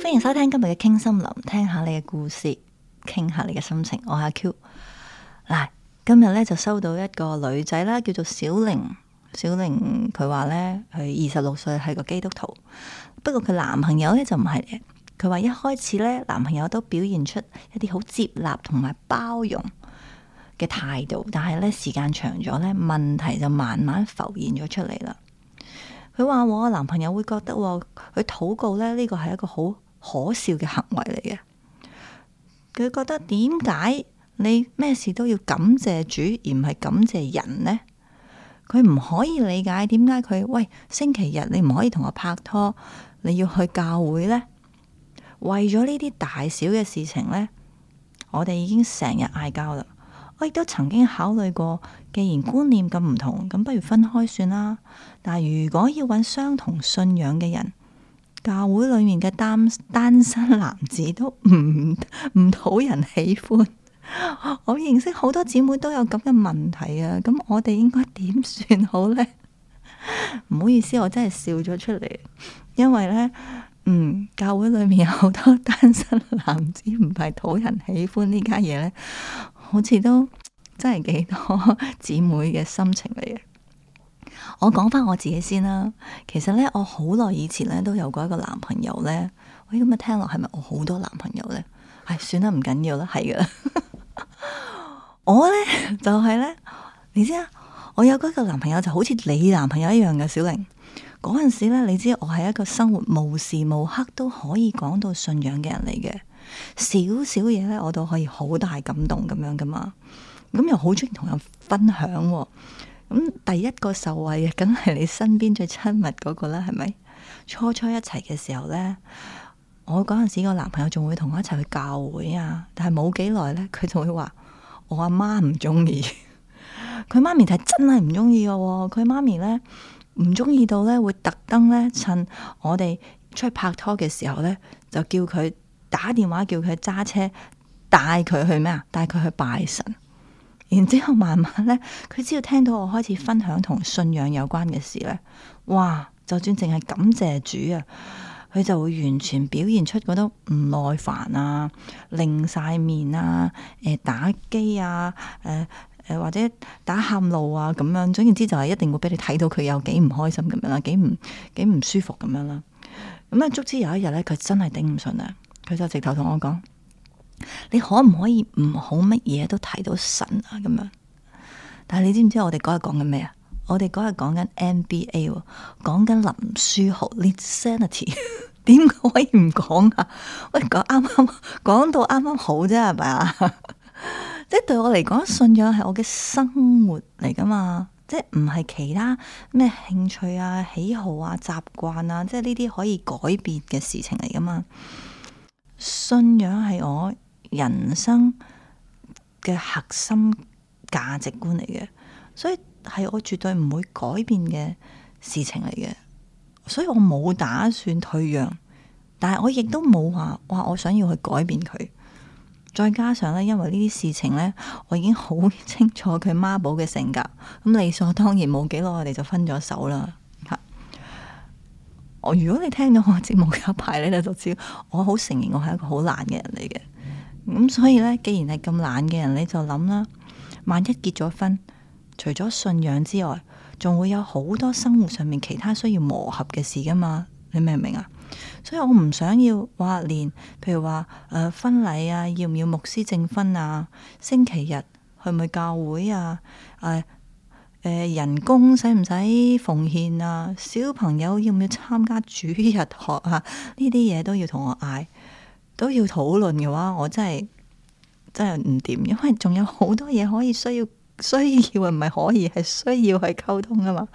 歡迎收聽今日嘅傾森林，聽下你嘅故事，傾下你嘅心情。我係阿 Q。嗱，今日呢，就收到一個女仔啦，叫做小玲。小玲佢話呢，佢二十六歲，係個基督徒。不過佢男朋友呢，就唔係嘅。佢話一開始呢，男朋友都表現出一啲好接納同埋包容。嘅態度，但係呢時間長咗呢，問題就慢慢浮現咗出嚟啦。佢話我男朋友會覺得佢禱告呢，呢個係一個好可笑嘅行為嚟嘅。佢覺得點解你咩事都要感謝主，而唔係感謝人呢？佢唔可以理解點解佢，喂，星期日你唔可以同我拍拖，你要去教會呢？為咗呢啲大小嘅事情呢，我哋已經成日嗌交啦。我亦都曾經考慮過，既然觀念咁唔同，咁不如分開算啦。但係如果要揾相同信仰嘅人，教會裏面嘅單單身男子都唔唔討人喜歡。我認識好多姊妹都有咁嘅問題啊！咁我哋應該點算好呢？唔好意思，我真係笑咗出嚟，因為呢。嗯，教會裏面有好多單身男子唔係討人喜歡呢家嘢咧，好似都真係幾多姊妹嘅心情嚟嘅。我講翻我自己先啦，其實咧我好耐以前咧都有過一個男朋友咧，喂、哎，咁啊聽落係咪我好多男朋友咧？係、哎、算啦，唔緊要啦，係噶。 我咧就係、是、咧，你知啊，我有過個男朋友就好似你男朋友一樣嘅，小玲。嗰陣時咧，你知我係一個生活無時無刻都可以講到信仰嘅人嚟嘅，少少嘢咧，我都可以好大感動咁樣噶嘛。咁又好中意同人分享喎。咁第一個受惠嘅，梗係你身邊最親密嗰個啦，係咪？初初一齊嘅時候咧，我嗰陣時個男朋友仲會同我一齊去教會啊，但係冇幾耐咧，佢就會話我阿媽唔中意。佢 媽咪係真係唔中意噶，佢媽咪咧。唔中意到呢，會特登呢，趁我哋出去拍拖嘅時候呢，就叫佢打電話，叫佢揸車帶佢去咩啊？帶佢去拜神。然之後慢慢呢，佢只要聽到我開始分享同信仰有關嘅事呢，哇！就算淨係感謝主啊，佢就會完全表現出嗰種唔耐煩啊、擰晒面啊、誒、呃、打機啊、誒、呃。誒，或者打喊路啊，咁樣，總然之就係一定會俾你睇到佢有幾唔開心咁樣啦，幾唔幾唔舒服咁樣啦。咁啊，足之有一日咧，佢真係頂唔順啦，佢就直頭同我講：你可唔可以唔好乜嘢都睇到神啊？咁樣。但係你知唔知我哋嗰日講緊咩啊？我哋嗰日講緊 NBA，講緊林書豪，Linsanity，點解可以唔講啊？喂，講啱啱，講到啱啱好啫，係咪啊？即係對我嚟講，信仰係我嘅生活嚟噶嘛，即係唔係其他咩興趣啊、喜好啊、習慣啊，即係呢啲可以改變嘅事情嚟噶嘛。信仰係我人生嘅核心價值觀嚟嘅，所以係我絕對唔會改變嘅事情嚟嘅，所以我冇打算退讓，但係我亦都冇話我想要去改變佢。再加上咧，因為呢啲事情呢，我已經好清楚佢媽寶嘅性格，咁理所當然冇幾耐，我哋就分咗手啦。吓，我如果你聽到我節目嘅一排你就知道我好承認我係一個好懶嘅人嚟嘅。咁所以呢，既然係咁懶嘅人，你就諗啦，萬一結咗婚，除咗信仰之外，仲會有好多生活上面其他需要磨合嘅事噶嘛？你明唔明啊？所以我唔想要話連，譬如話誒、呃、婚禮啊，要唔要牧師證婚啊？星期日去唔去教會啊？誒、呃、人工使唔使奉獻啊？小朋友要唔要參加主日學啊？呢啲嘢都要同我嗌，都要討論嘅話，我真係真係唔掂，因為仲有好多嘢可以需要。需要，唔係可以係需要，係溝通啊嘛。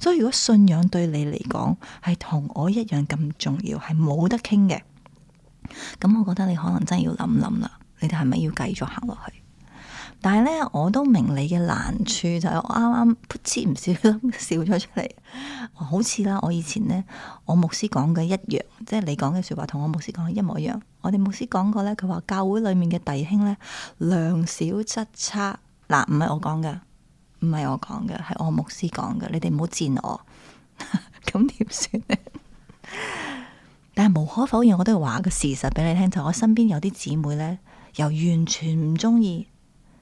所以如果信仰對你嚟講係同我一樣咁重要，係冇得傾嘅。咁我覺得你可能真係要諗諗啦。你哋係咪要繼續行落去？但係呢，我都明你嘅難處就係我啱啱噗嗤唔少笑咗 出嚟，好似啦。我以前呢，我牧師講嘅一樣，即係你講嘅說話同我牧師講嘅一模一樣。我哋牧師講過呢，佢話教會裏面嘅弟兄呢，量少質差。嗱，唔係我講噶，唔係我講噶，係我牧師講噶，你哋唔好賤我。咁點算咧？ 但係無可否認，我都要話一個事實俾你聽，就是、我身邊有啲姊妹咧，又完全唔中意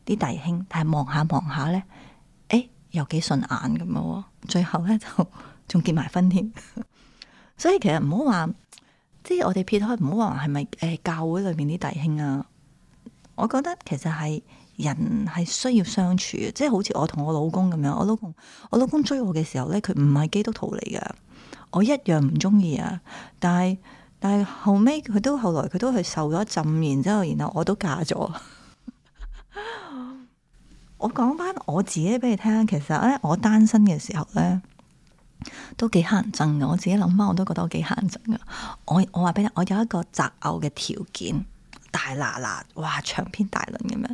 啲弟兄，但係望下望下咧，誒、欸，又幾順眼咁樣。最後咧就仲結埋婚添。 所以其實唔好話，即、就、係、是、我哋撇開唔好話係咪誒教會裏面啲弟兄啊。我覺得其實係人係需要相處嘅，即係好似我同我老公咁樣。我老公我老公追我嘅時候咧，佢唔係基督徒嚟噶，我一樣唔中意啊。但係但係後尾，佢都後來佢都係受咗浸，然之後然後我都嫁咗。 我講翻我自己俾你聽，其實咧我單身嘅時候咧都幾乞人憎嘅。我自己諗翻，我都覺得我幾乞人憎嘅。我我話俾你聽，我有一個擇偶嘅條件。大辣辣，哇，長篇大論咁樣。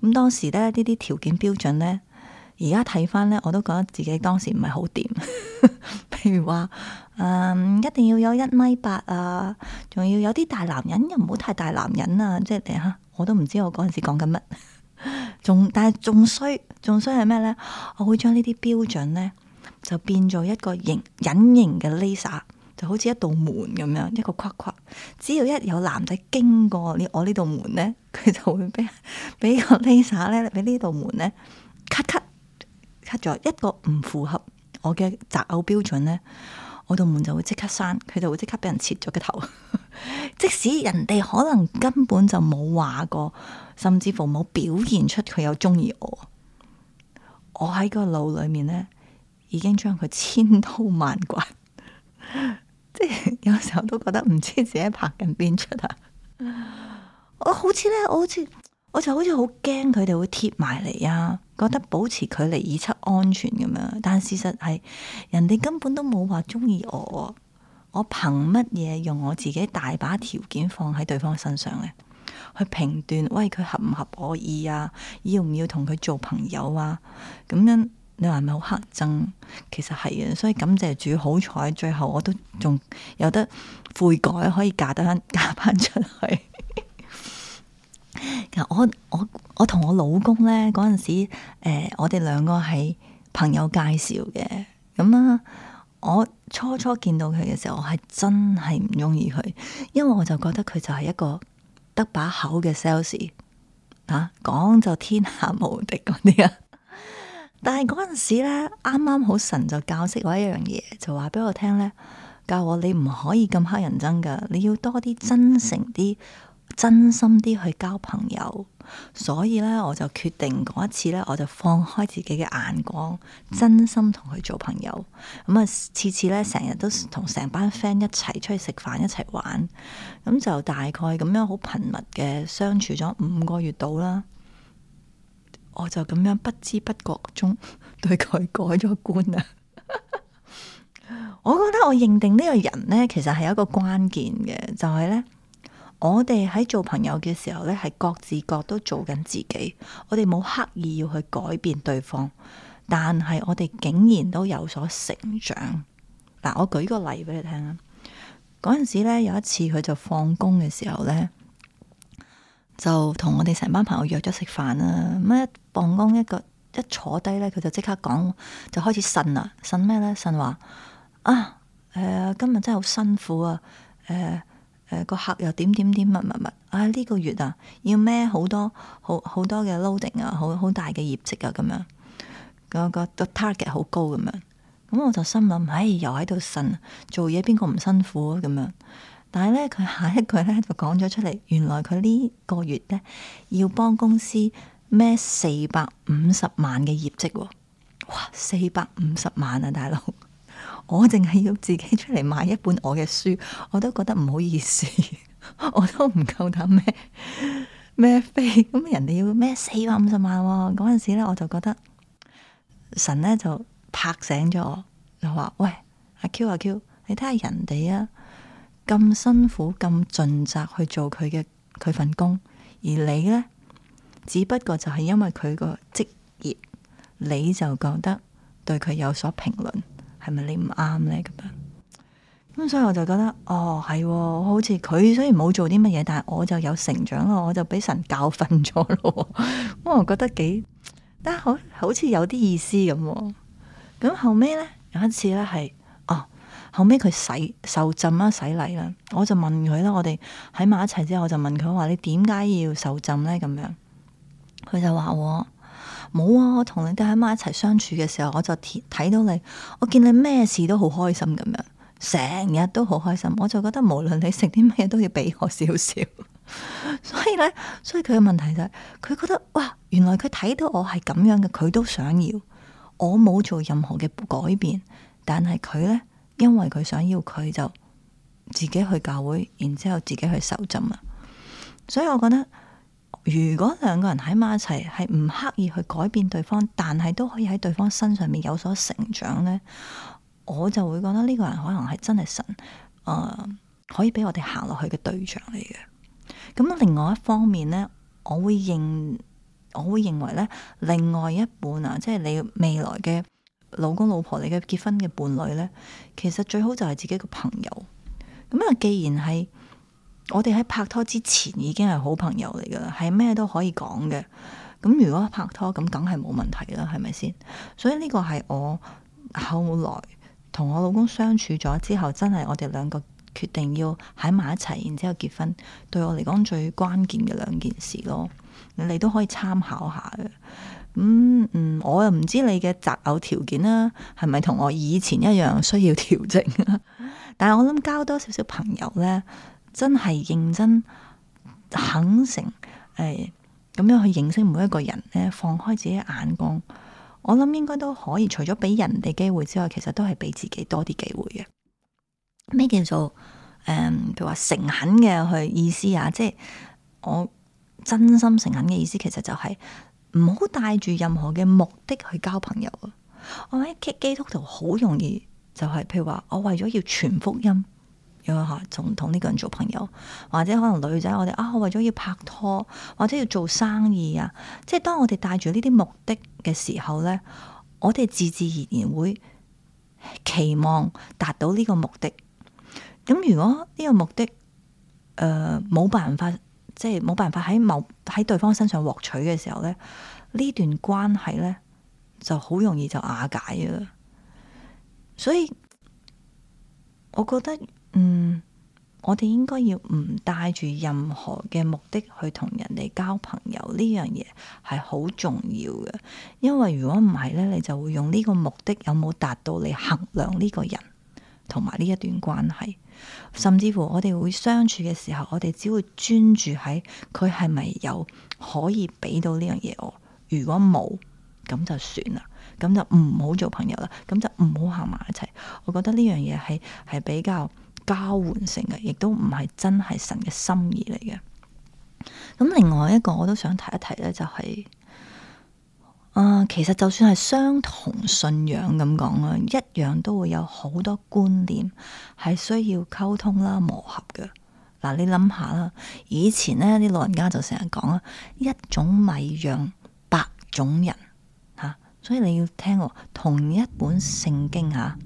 咁當時咧呢啲條件標準呢，而家睇翻呢，我都覺得自己當時唔係好掂。譬 如話，嗯，一定要有一米八啊，仲要有啲大男人，又唔好太大男人啊。即係吓，我都唔知我嗰陣時講緊乜。仲 但係仲衰，仲衰係咩呢？我會將呢啲標準呢，就變做一個型隱形嘅 Laser。就好似一道門咁樣，一個框框，只要一有男仔經過你我道呢道門呢，佢就會俾俾個 laser 咧，俾呢道門呢，cut cut cut 咗一個唔符合我嘅擇偶標準呢，我道門就會即刻閂，佢就會即刻俾人切咗個頭。 即使人哋可能根本就冇話過，甚至乎冇表現出佢有中意我，我喺個腦裏面呢，已經將佢千刀萬剮。 即係 有時候都覺得唔知自己拍緊邊出啊！我好似咧，我好似我就好似好驚佢哋會貼埋嚟啊！覺得保持距離以策安全咁樣，但係事實係人哋根本都冇話中意我，我憑乜嘢用我自己大把條件放喺對方身上嘅，去評斷喂佢合唔合我意啊？要唔要同佢做朋友啊？咁樣。你話係咪好黑憎？其實係啊，所以感謝主，好彩最後我都仲有得悔改，可以嫁得翻嫁翻出去。 其實我我我同我老公咧嗰陣時，誒、呃，我哋兩個係朋友介紹嘅，咁啊，我初初見到佢嘅時候，我係真係唔中意佢，因為我就覺得佢就係一個得把口嘅 sales，啊，講就天下無敵嗰啲啊。 但係嗰陣時咧，啱啱好神就教識我一樣嘢，就話俾我聽咧，教我你唔可以咁黑人憎噶，你要多啲真誠啲、真心啲去交朋友。所以咧，我就決定嗰一次咧，我就放開自己嘅眼光，真心同佢做朋友。咁啊，次次咧成日都同成班 friend 一齊出去食飯，一齊玩。咁就大概咁樣好頻密嘅相處咗五個月度啦。我就咁樣不知不覺中對佢改咗觀啦。 我覺得我認定呢個人呢，其實係一個關鍵嘅，就係呢。我哋喺做朋友嘅時候呢，係各自各都做緊自己，我哋冇刻意要去改變對方，但係我哋竟然都有所成長。嗱，我舉個例俾你聽啦。嗰陣時呢，有一次佢就放工嘅時候呢。就同我哋成班朋友約咗食飯啦。咁一放工一個一坐低咧，佢就即刻講，就開始呻啦。呻咩咧？呻話啊，誒、呃、今日真係好辛苦啊。誒誒個客又點點點乜乜乜。啊呢、呢個月啊，要孭好多好好多嘅 loading 啊，好好大嘅業績啊咁樣。個個 target 好高咁、啊、樣。咁我就心諗，唉、哎，又喺度呻。做嘢邊個唔辛苦啊？咁樣。但係咧，佢下一句咧就講咗出嚟，原來佢呢個月咧要幫公司孭四百五十萬嘅業績喎、哦！哇，四百五十萬啊，大佬！我淨係要自己出嚟買一本我嘅書，我都覺得唔好意思， 我都唔夠膽孭孭飛。咁人哋要孭四百五十萬、哦？嗰陣時咧，我就覺得神咧就拍醒咗我，就話，喂，阿 Q 阿 Q，你睇下人哋啊！咁辛苦咁盡責去做佢嘅佢份工，而你咧只不過就係因為佢個職業，你就覺得對佢有所評論，係咪你唔啱咧咁樣。咁所以我就覺得，哦係喎，好似佢雖然冇做啲乜嘢，但係我就有成長咯，我就俾神教訓咗咯，咁 我覺得幾，但好好似有啲意思咁、哦。咁後尾咧有一次咧係。後尾佢洗受浸啦，洗禮啦，我就問佢啦。我哋喺埋一齊之後，我就問佢，我話你點解要受浸呢？咁樣，佢就話：我冇啊，我同你哋喺埋一齊相處嘅時候，我就睇到你，我見你咩事都好開心咁樣，成日都好開心。我就覺得無論你食啲咩，都要俾我少少。 所以呢，所以佢嘅問題就係，佢覺得哇，原來佢睇到我係咁樣嘅，佢都想要。我冇做任何嘅改變，但係佢呢。因為佢想要，佢就自己去教會，然之後自己去受浸啊！所以我覺得，如果兩個人喺埋一齊，係唔刻意去改變對方，但係都可以喺對方身上面有所成長呢，我就會覺得呢個人可能係真係神，誒、呃，可以俾我哋行落去嘅對象嚟嘅。咁另外一方面呢，我會認我會認為咧，另外一半啊，即係你未來嘅。老公老婆，你嘅結婚嘅伴侶呢，其實最好就係自己個朋友。咁啊，既然係我哋喺拍拖之前已經係好朋友嚟嘅啦，係咩都可以講嘅。咁如果拍拖，咁梗係冇問題啦，係咪先？所以呢個係我後來同我老公相處咗之後，真係我哋兩個決定要喺埋一齊，然之後結婚，對我嚟講最關鍵嘅兩件事咯。你都可以參考下嘅。嗯嗯，我又唔知你嘅擇偶條件啦、啊，係咪同我以前一樣需要調整、啊、 但係我諗交多少少朋友呢，真係認真、肯誠誒，咁、哎、樣去認識每一個人呢，放開自己嘅眼光，我諗應該都可以。除咗俾人哋機會之外，其實都係俾自己多啲機會嘅。咩叫做誒，譬、嗯、如話誠懇嘅去意思啊？即、就、係、是、我真心誠懇嘅意思，其實就係、是。唔好帶住任何嘅目的去交朋友啊！我喺基督徒好容易就係，譬如話我為咗要傳福音，有冇吓？仲同呢個人做朋友，或者可能女仔我哋啊為咗要拍拖，或者要做生意啊！即係當我哋帶住呢啲目的嘅時候呢，我哋自自然然會期望達到呢個目的。咁如果呢個目的誒冇辦法？即係冇辦法喺某喺對方身上獲取嘅時候咧，呢段關係咧就好容易就瓦解啦。所以我覺得，嗯，我哋應該要唔帶住任何嘅目的去同人哋交朋友，呢樣嘢係好重要嘅。因為如果唔係咧，你就會用呢個目的有冇達到嚟衡量呢個人同埋呢一段關係。甚至乎我哋會相處嘅時候，我哋只會專注喺佢係咪有可以俾到呢樣嘢。我如果冇，咁就算啦，咁就唔好做朋友啦，咁就唔好行埋一齊。我覺得呢樣嘢係係比較交換性嘅，亦都唔係真係神嘅心意嚟嘅。咁另外一個我都想提一提呢，就係、是。啊，其實就算係相同信仰咁講啦，一樣都會有好多觀念係需要溝通啦、磨合嘅。嗱、啊，你諗下啦，以前呢啲老人家就成日講啦，一種米養百種人嚇、啊，所以你要聽喎，同一本聖經嚇、啊，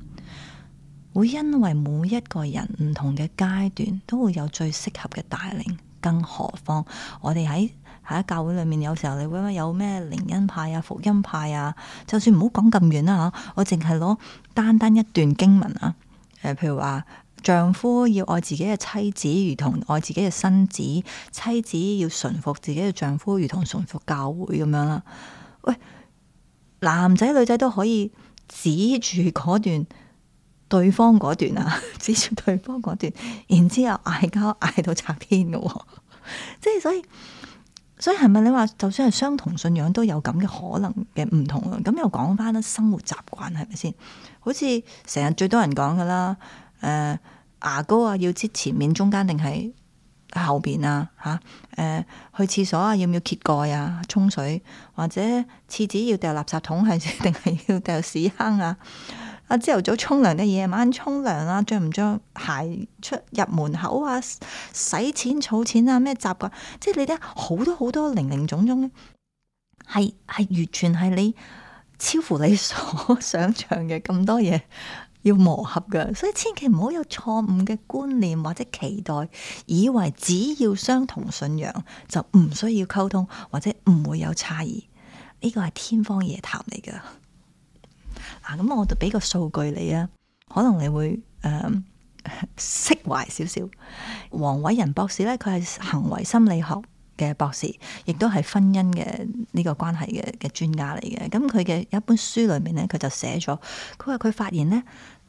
會因為每一個人唔同嘅階段，都會有最適合嘅帶領。更何況，我哋喺喺教會裏面，有時候你會唔會有咩靈恩派啊、福音派啊？就算唔好講咁遠啦、啊、嚇，我淨係攞單單一段經文啊，呃、譬如話丈夫要愛自己嘅妻子，如同愛自己嘅身子；妻子要順服自己嘅丈夫，如同順服教會咁樣啦。喂，男仔女仔都可以指住嗰段。對方嗰段啊，指 出對方嗰段，然之後嗌交嗌到拆天嘅，即 係所以，所以係咪你話，就算係相同信仰都有咁嘅可能嘅唔同啊？咁又講翻啦，生活習慣係咪先？好似成日最多人講噶啦，誒、呃，牙膏啊要擠前面、中間定係後邊啊吓？誒、呃，去廁所啊要唔要揭蓋啊？沖水或者廁紙要掉垃圾桶係定係要掉屎坑啊？啊！朝頭早沖涼定夜晚沖涼啊！着唔着鞋出入門口啊！使錢儲錢啊！咩習慣？即係你睇好多好多零零種種咧，係係完全係你超乎你所想象嘅，咁多嘢要磨合嘅，所以千祈唔好有錯誤嘅觀念或者期待，以為只要相同信仰就唔需要溝通或者唔會有差異，呢個係天方夜譚嚟噶。咁、啊、我就俾個數據你啊，可能你會誒釋懷少少。黃偉仁博士咧，佢係行為心理學嘅博士，亦都係婚姻嘅呢、這個關係嘅嘅專家嚟嘅。咁佢嘅一本書裏面咧，佢就寫咗，佢話佢發現咧，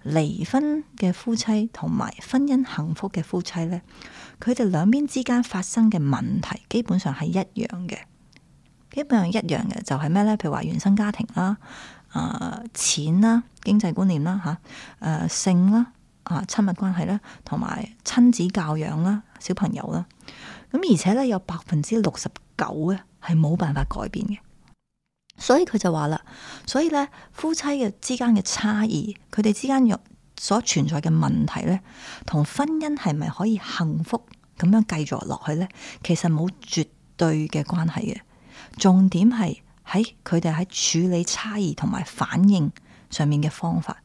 離婚嘅夫妻同埋婚姻幸福嘅夫妻咧，佢哋兩邊之間發生嘅問題基本上係一樣嘅，基本上一樣嘅就係咩咧？譬如話原生家庭啦、啊。啊、呃，錢啦，經濟觀念啦，吓，誒，性啦，啊，親密關係啦，同埋親子教養啦，小朋友啦，咁而且咧，有百分之六十九嘅係冇辦法改變嘅，所以佢就話啦，所以咧，夫妻嘅之間嘅差異，佢哋之間若所存在嘅問題咧，同婚姻係咪可以幸福咁樣繼續落去咧，其實冇絕對嘅關係嘅，重點係。喺佢哋喺處理差異同埋反應上面嘅方法，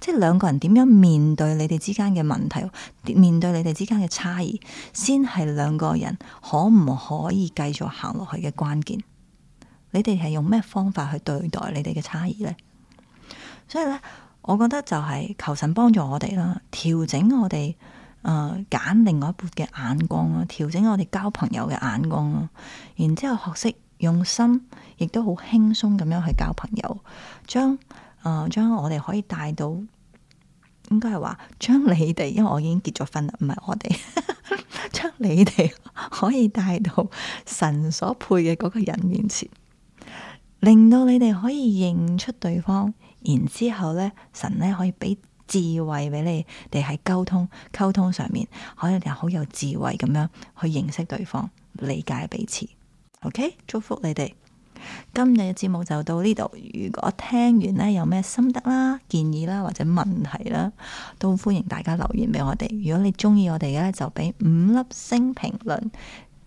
即係兩個人點樣面對你哋之間嘅問題，面對你哋之間嘅差異，先係兩個人可唔可以繼續行落去嘅關鍵。你哋係用咩方法去對待你哋嘅差異呢？所以呢，我覺得就係求神幫助我哋啦，調整我哋誒揀另外一半嘅眼光啦，調整我哋交朋友嘅眼光啦，然之後學識。用心，亦都好輕鬆咁樣去交朋友，將誒、呃、將我哋可以帶到，應該係話將你哋，因為我已經結咗婚啦，唔係我哋， 將你哋可以帶到神所配嘅嗰個人面前，令到你哋可以認出對方，然之後咧，神咧可以俾智慧俾你哋喺溝通溝通上面，可以你哋好有智慧咁樣去認識對方，理解彼此。OK，祝福你哋。今日嘅節目就到呢度。如果聽完呢，有咩心得啦、建議啦或者問題啦，都歡迎大家留言俾我哋。如果你中意我哋嘅，就俾五粒星評論，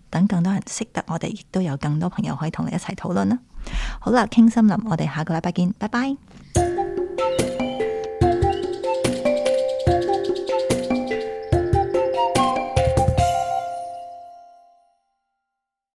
等更多人識得我哋，亦都有更多朋友可以同你一齊討論啦。好啦，傾森林，我哋下個禮拜見，拜拜。